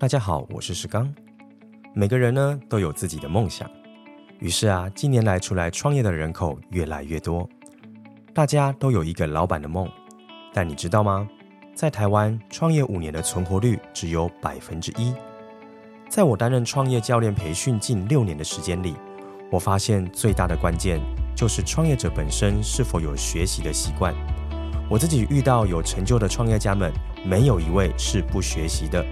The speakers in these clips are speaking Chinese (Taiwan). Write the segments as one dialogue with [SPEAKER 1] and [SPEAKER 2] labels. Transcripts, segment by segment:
[SPEAKER 1] 大家好，我是石剛。每個人呢都有自己的夢想，於是啊，近年來出來創業的人口越來越多。大家都有一個老板的夢，但你知道嗎？在台灣創業五年的存活率只有百分之一。在我擔任創業教練培訓近六年的時間裡，我發現最大的關鍵就是創業者本身是否有學習的習慣。我自己遇到有成就的創業家們，沒有一位是不學習的。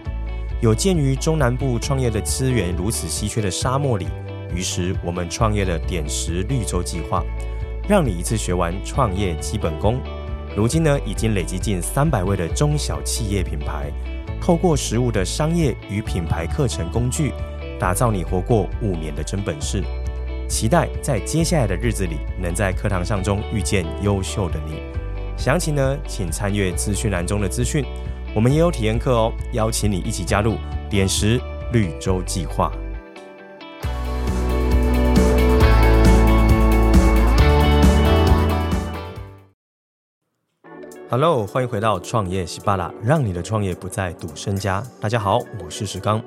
[SPEAKER 1] 有鑑於中南部創業的資源如此稀缺的沙漠裡，於是我們創業了點拾綠洲計劃，讓你一次學完創業基本功。如今呢，已經累積近三百位的中小企業品牌，透過實務的商業與品牌課程工具，打造你活過五年的真本事。期待在接下來的日子裡，能在課堂上中遇見優秀的你。詳情呢，請參閱資訊欄中的資訊。我們也有體驗課哦，邀請你一起加入點拾綠洲計劃。Hello，歡迎回到創業喜巴啦，讓你的創業不再賭身家。大家好，我是石剛。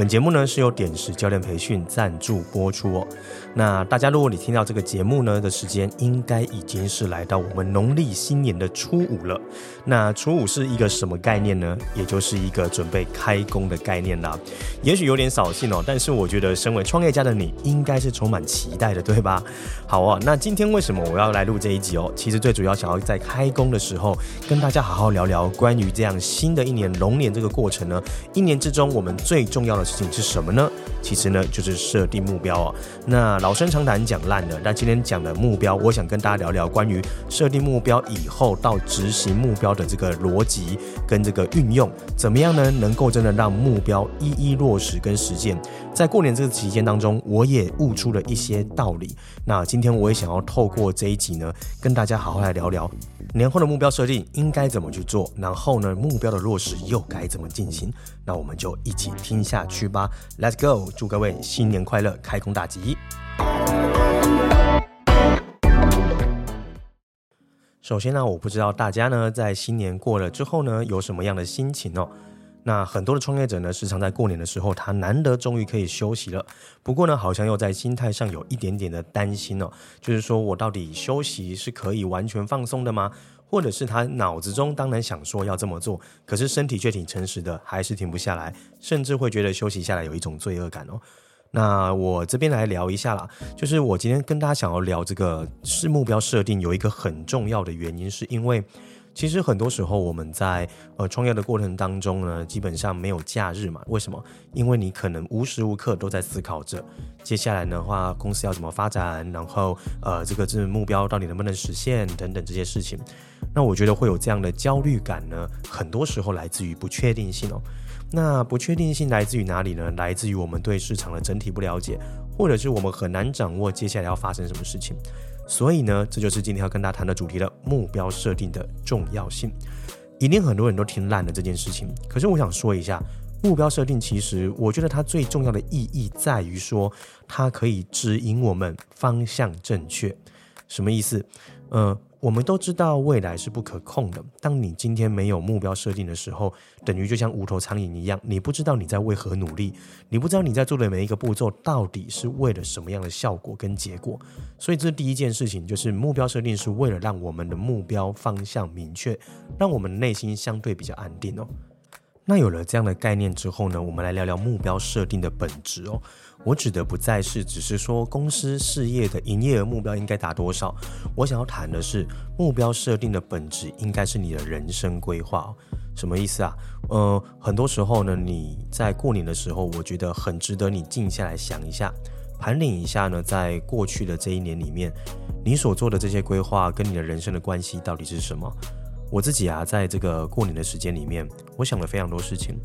[SPEAKER 1] 本節目呢是由點拾教練培訓贊助播出哦。那大家，如果你聽到這個節目呢的時間，應該已經是來到我們農曆新年的初五了。那初五是一個什麼概念呢？也就是一個準備開工的概念啦。也許有點掃興哦，但是我覺得身為創業家的你，應該是充滿期待的，對吧？好哦，那今天為什麼我要來錄這一集哦？其實最主要想要在開工的時候，跟大家好好聊聊關於這樣新的一年龍年這個過程呢。一年之中，我們最重要的事情是什麼呢？其實呢，就是設定目標啊、哦。那老生常談講爛了，那今天講的目標，我想跟大家聊聊關於設定目標以後到執行目標的這個邏輯跟這個運用。怎麼樣呢？能夠真的讓目標一一落實跟實踐。在過年這個期間當中，我也悟出了一些道理。那今天我也想要透過這一集呢，跟大家好好來聊聊年後的目標設定應該怎麼去做，然後呢，目標的落實又該怎麼進行？那我們就一起聽一下，去吧，Let's go！祝各位新年快樂，開工大吉。首先呢，啊，我不知道大家呢在新年過了之後呢，有什麼樣的心情哦。那很多的創業者呢，時常在過年的時候，他難得終於可以休息了。不過呢，好像又在心態上有一點點的擔心哦，就是說，我到底休息是可以完全放鬆的嗎？或者是他腦子中當然想說要這麼做，可是身體卻挺誠實的，還是停不下來，甚至會覺得休息下來有一種罪惡感哦。那我這邊來聊一下啦，就是我今天跟大家想要聊這個是目標設定有一個很重要的原因，是因為。其實很多時候，我們在呃創業的過程當中呢，基本上沒有假日嘛。為什麼？因為你可能無時無刻都在思考着接下來的話，公司要怎麼發展，然後呃，這個這個目標到底能不能實現等等這些事情。那我覺得會有這樣的焦慮感呢，很多時候來自於不確定性哦。那不確定性來自於哪裡呢？來自於我們對市場的整體不了解，或者是我們很難掌握接下來要發生什麼事情。所以呢，這就是今天要跟大家談的主題了，目標設定的重要性。一定很多人都聽爛了這件事情，可是我想說一下，目標設定其實，我覺得它最重要的意義在於說，它可以指引我們方向正確。什麼意思？嗯。我們都知道未來是不可控的。當你今天沒有目標設定的時候，等於就像無頭蒼蠅一樣，你不知道你在為何努力，你不知道你在做的每一個步驟到底是為了什麼樣的效果跟結果。所以，這第一件事情，就是目標設定是為了讓我們的目標方向明確，讓我們的內心相對比較安定哦。那有了這樣的概念之後呢，我們來聊聊目標設定的本質哦。我指的不再是，只是說公司事業的營業額目標應該達多少。我想要談的是，目標設定的本質應該是你的人生規劃。什麼意思啊？呃、嗯，很多時候呢，你在過年的時候，我覺得很值得你靜下來想一下，盤點一下呢，在過去的這一年裡面，你所做的這些規劃跟你的人生的關係到底是什麼？我自己啊，在這個過年的時間裡面，我想了非常多事情。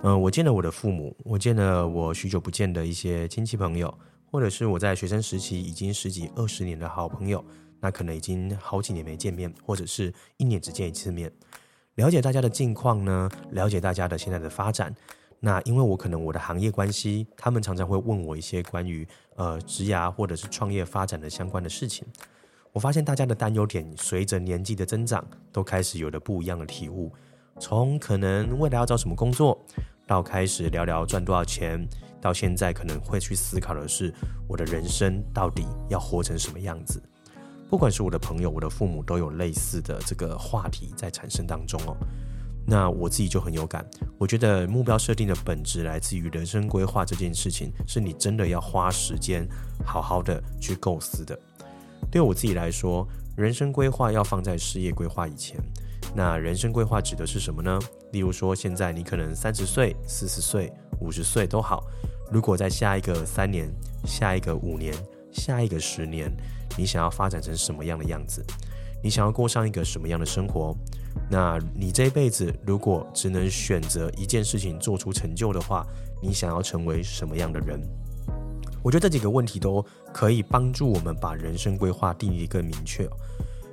[SPEAKER 1] 嗯、呃，我見了我的父母，我見了我許久不見的一些親戚朋友，或者是我在學生時期已經十幾、二十年的好朋友，那可能已經好幾年沒見面，或者是一年只見一次面。了解大家的近況呢，了解大家的現在的發展。那因為我可能我的行業關係，他們常常會問我一些關於呃職涯或者是創業發展的相關的事情。我發現大家的擔憂點隨着年紀的增長，都開始有了不一樣的體悟。從可能未來要找什麼工作，到開始聊聊賺多少錢，到現在可能會去思考的是我的人生到底要活成什麼樣子。不管是我的朋友、我的父母，都有類似的這個話題在產生當中哦。那我自己就很有感，我覺得目標設定的本質來自於人生規劃這件事情，是你真的要花時間好好的去構思的。對我自己來說，人生規劃要放在事業規劃以前。那人生規劃指的是什麼呢？例如說，現在你可能三十歲、四十歲、五十歲都好。如果在下一個三年、下一個五年、下一個十年，你想要發展成什麼樣的樣子？你想要過上一個什麼樣的生活？那你這一輩子如果只能選擇一件事情做出成就的話，你想要成為什麼樣的人？我覺得這幾個問題都可以幫助我們把人生規劃定義更明確。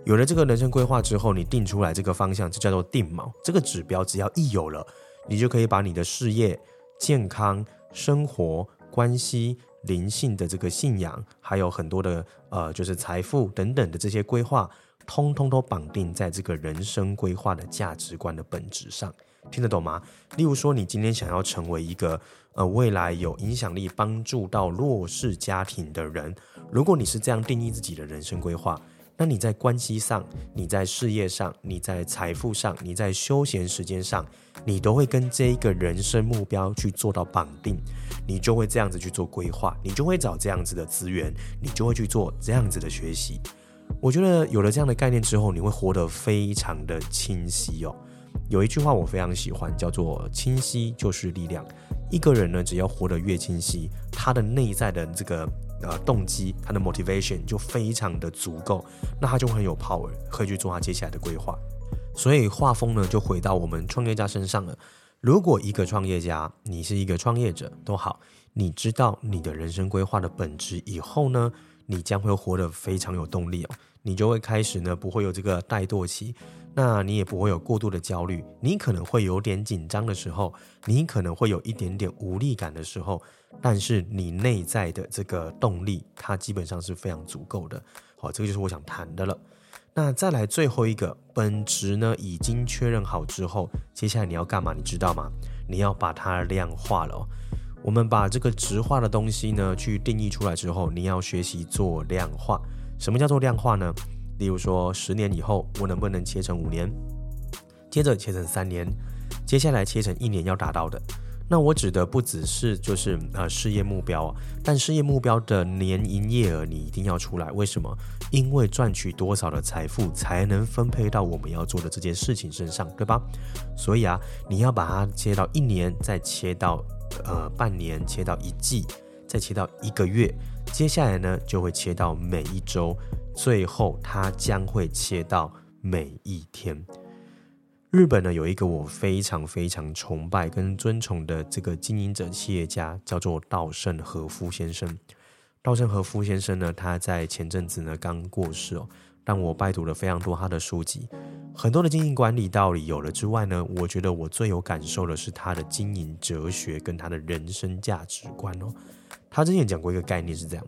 [SPEAKER 1] 有了這個人生規劃之後，你定出來這個方向就叫做定錨。這個指標只要一有了，你就可以把你的事業、健康、生活、關係、靈性的這個信仰，還有很多的呃，就是財富等等的這些規劃，通通都綁定在這個人生規劃的價值觀的本質上。聽得懂嗎？例如說，你今天想要成為一個呃，未來有影響力、幫助到弱勢家庭的人，如果你是這樣定義自己的人生規劃。那你在關係上，你在事業上，你在財富上，你在休閒時間上，你都會跟這一個人生目標去做到綁定，你就會這樣子去做規劃，你就會找這樣子的資源，你就會去做這樣子的學習。我覺得有了這樣的概念之後，你會活得非常的清晰哦。有一句話我非常喜歡，叫做“清晰就是力量”。一個人呢，只要活得越清晰，他的內在的這個呃，動機，他的 motivation 就非常的足夠，那他就會很有 power，可以去做他接下來的規劃。所以話鋒呢，就回到我們創業家身上了。如果一個創業家，你是一個創業者，都好。你知道你的人生規劃的本質以後呢，你將會活得非常有動力哦。你就會開始呢，不會有這個怠惰期，那你也不會有過度的焦慮。你可能會有點緊張的時候，你可能會有一點點無力感的時候，但是你內在的這個動力，它基本上是非常足夠的。好，這個就是我想談的了。那再來最後一個，本質呢已經確認好之後，接下來你要幹嘛？你知道嗎？你要把它量化了哦。我們把這個直化的東西呢，去定義出來之後，你要學習做量化。什麼叫做量化呢？例如說，十年以後，我能不能切成五年？接着切成三年，接下來切成一年要達到的。那我指的不只是就是呃事業目標啊，但事業目標的年營業額你一定要出來。為什麼？因為賺取多少的財富，才能分配到我們要做的這件事情身上，對吧？所以啊，你要把它切到一年，再切到。呃，半年切到一季，再切到一個月，接下來呢就會切到每一周，最後它將會切到每一天。日本呢有一個我非常非常崇拜跟尊崇的這個經營者企業家，叫做稻盛和夫先生。稻盛和夫先生呢，他在前陣子呢剛過世哦。讓我拜讀了非常多他的書籍，很多的經營管理道理有了之外呢，我覺得我最有感受的是他的經營哲學跟他的人生價值觀哦。他之前講過一個概念是這樣，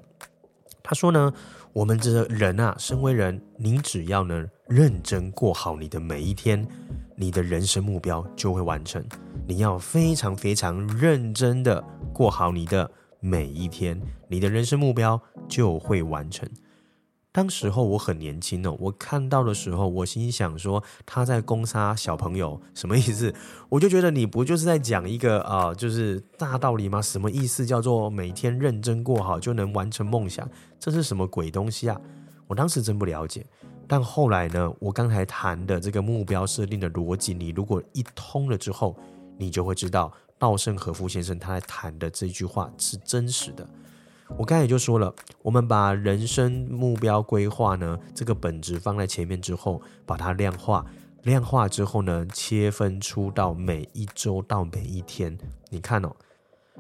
[SPEAKER 1] 他說呢，我們這人啊，身為人，你只要呢認真過好你的每一天，你的人生目標就會完成。你要非常非常認真的過好你的每一天，你的人生目標就會完成。當時候我很年輕哦，我看到的時候，我心想說他在攻殺小朋友什麼意思？我就覺得你不就是在講一個啊、呃，就是大道理嗎？什麼意思叫做每天認真過好就能完成夢想？這是什麼鬼東西啊？我當時真不了解。但後來呢，我剛才談的這個目標設定的邏輯，你如果一通了之後，你就會知道稻盛和夫先生他在談的這句話是真實的。我剛才也就說了，我們把人生目標規劃呢，這個本質放在前面之後，把它量化，量化之後呢，切分出到每一周到每一天。你看哦，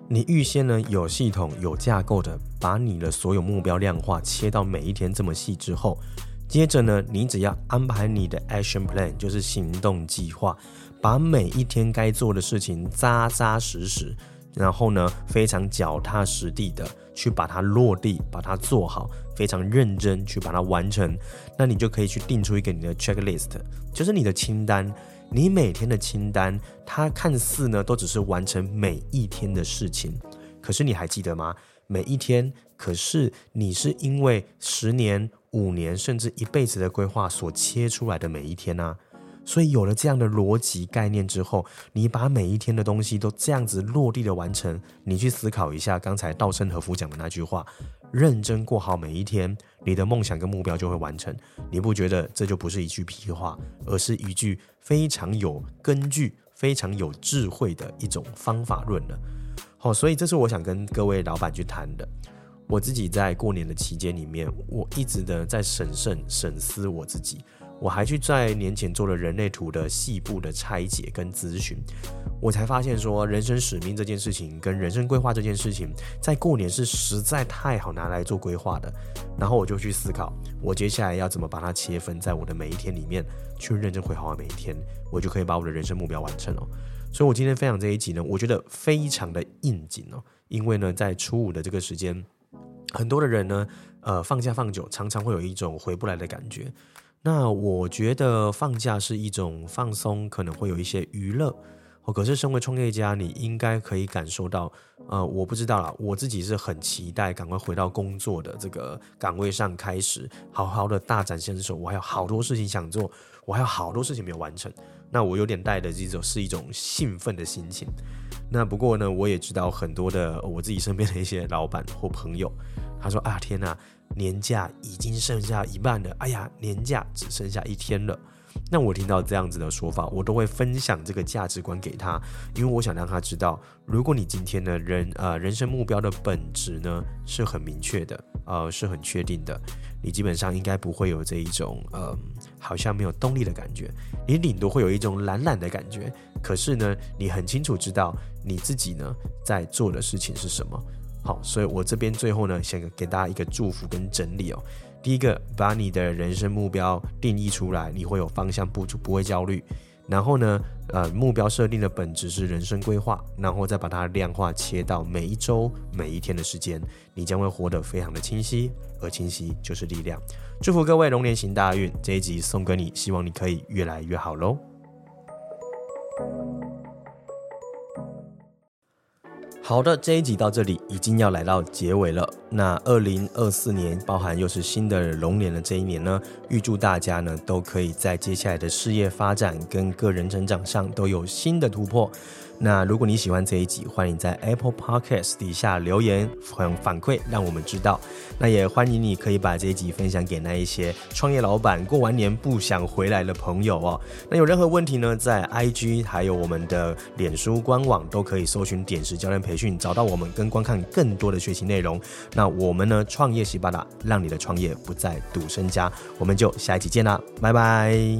[SPEAKER 1] 你預先呢有系統有架構的，把你的所有目標量化切到每一天這麼細之後，接着呢，你只要安排你的 action plan，就是行動計劃，把每一天該做的事情紮紮實實，然後呢，非常腳踏實地的去把它落地，把它做好，非常認真去把它完成。那你就可以去定出一個你的 checklist，就是你的清單，你每天的清單，它看似呢都只是完成每一天的事情，可是你還記得嗎？每一天，可是你是因為十年、五年甚至一輩子的規劃所切出來的每一天呢、啊？所以有了這樣的邏輯概念之後，你把每一天的東西都這樣子落地的完成，你去思考一下剛才稻盛和夫講的那句話：認真過好每一天，你的夢想跟目標就會完成。你不覺得這就不是一句屁話，而是一句非常有根據、非常有智慧的一種方法論了？好，哦，所以這是我想跟各位老闆去談的。我自己在過年的期間裡面，我一直的在審慎、審思我自己。我還去在年前做了人類圖的細部的拆解跟諮詢，我才發現說人生使命這件事情跟人生規劃這件事情，在過年是實在太好拿來做規劃的。然後我就去思考，我接下來要怎麼把它切分在我的每一天裡面，去認真回好，好每一天，我就可以把我的人生目標完成了哦。所以我今天分享這一集呢，我覺得非常的應景哦，因為呢，在初五的這個時間，很多的人呢，呃，放假放久，常常會有一種回不來的感覺。那我覺得放假是一種放鬆，可能會有一些娛樂。哦，可是身為創業家，你應該可以感受到，呃，我不知道啦，我自己是很期待趕快回到工作的這個崗位上，開始好好的大展身手。我還有好多事情想做，我還有好多事情沒有完成。那我有點帶的這種是一種興奮的心情。那不過呢，我也知道很多的我自己身邊的一些老板或朋友，他說啊，天吶！年假已經剩下一半了。哎呀，年假只剩下一天了！那我聽到這樣子的說法，我都會分享這個價值觀給他，因為我想讓他知道，如果你今天的人呃人生目標的本質呢是很明確的，呃是很確定的，你基本上應該不會有這一種嗯、呃、好像沒有動力的感覺，你頂多會有一種懶懶的感覺。可是呢，你很清楚知道你自己呢在做的事情是什麼。好，所以我這邊最後呢，想給大家一個祝福跟整理哦、喔。第一個，把你的人生目標定義出來，你會有方向不，不就不會焦慮。然後呢，呃，目標設定的本質是人生規劃，然後再把它量化切到每一週、每一天的時間，你將會活得非常的清晰，而清晰就是力量。祝福各位龍年行大運，這一集送給你，希望你可以越來越好嘍。好的，這一集到這裡已經要來到結尾了。那2024年，包含又是新的龍年的這一年呢，預祝大家呢都可以在接下來的事業發展跟個人成長上都有新的突破。那如果你喜歡這一集，歡迎在 Apple Podcast 底下留言反反饋，讓我們知道。那也歡迎你可以把這一集分享給那一些創業老板過完年不想回來的朋友哦。那有任何問題呢，在 IG 還有我們的臉書官網都可以搜尋點拾教練培訓，找到我們跟觀看更多的學習內容。那我們呢，創業習八達，讓你的創業不再賭身家。我們就下一集見啦，拜拜。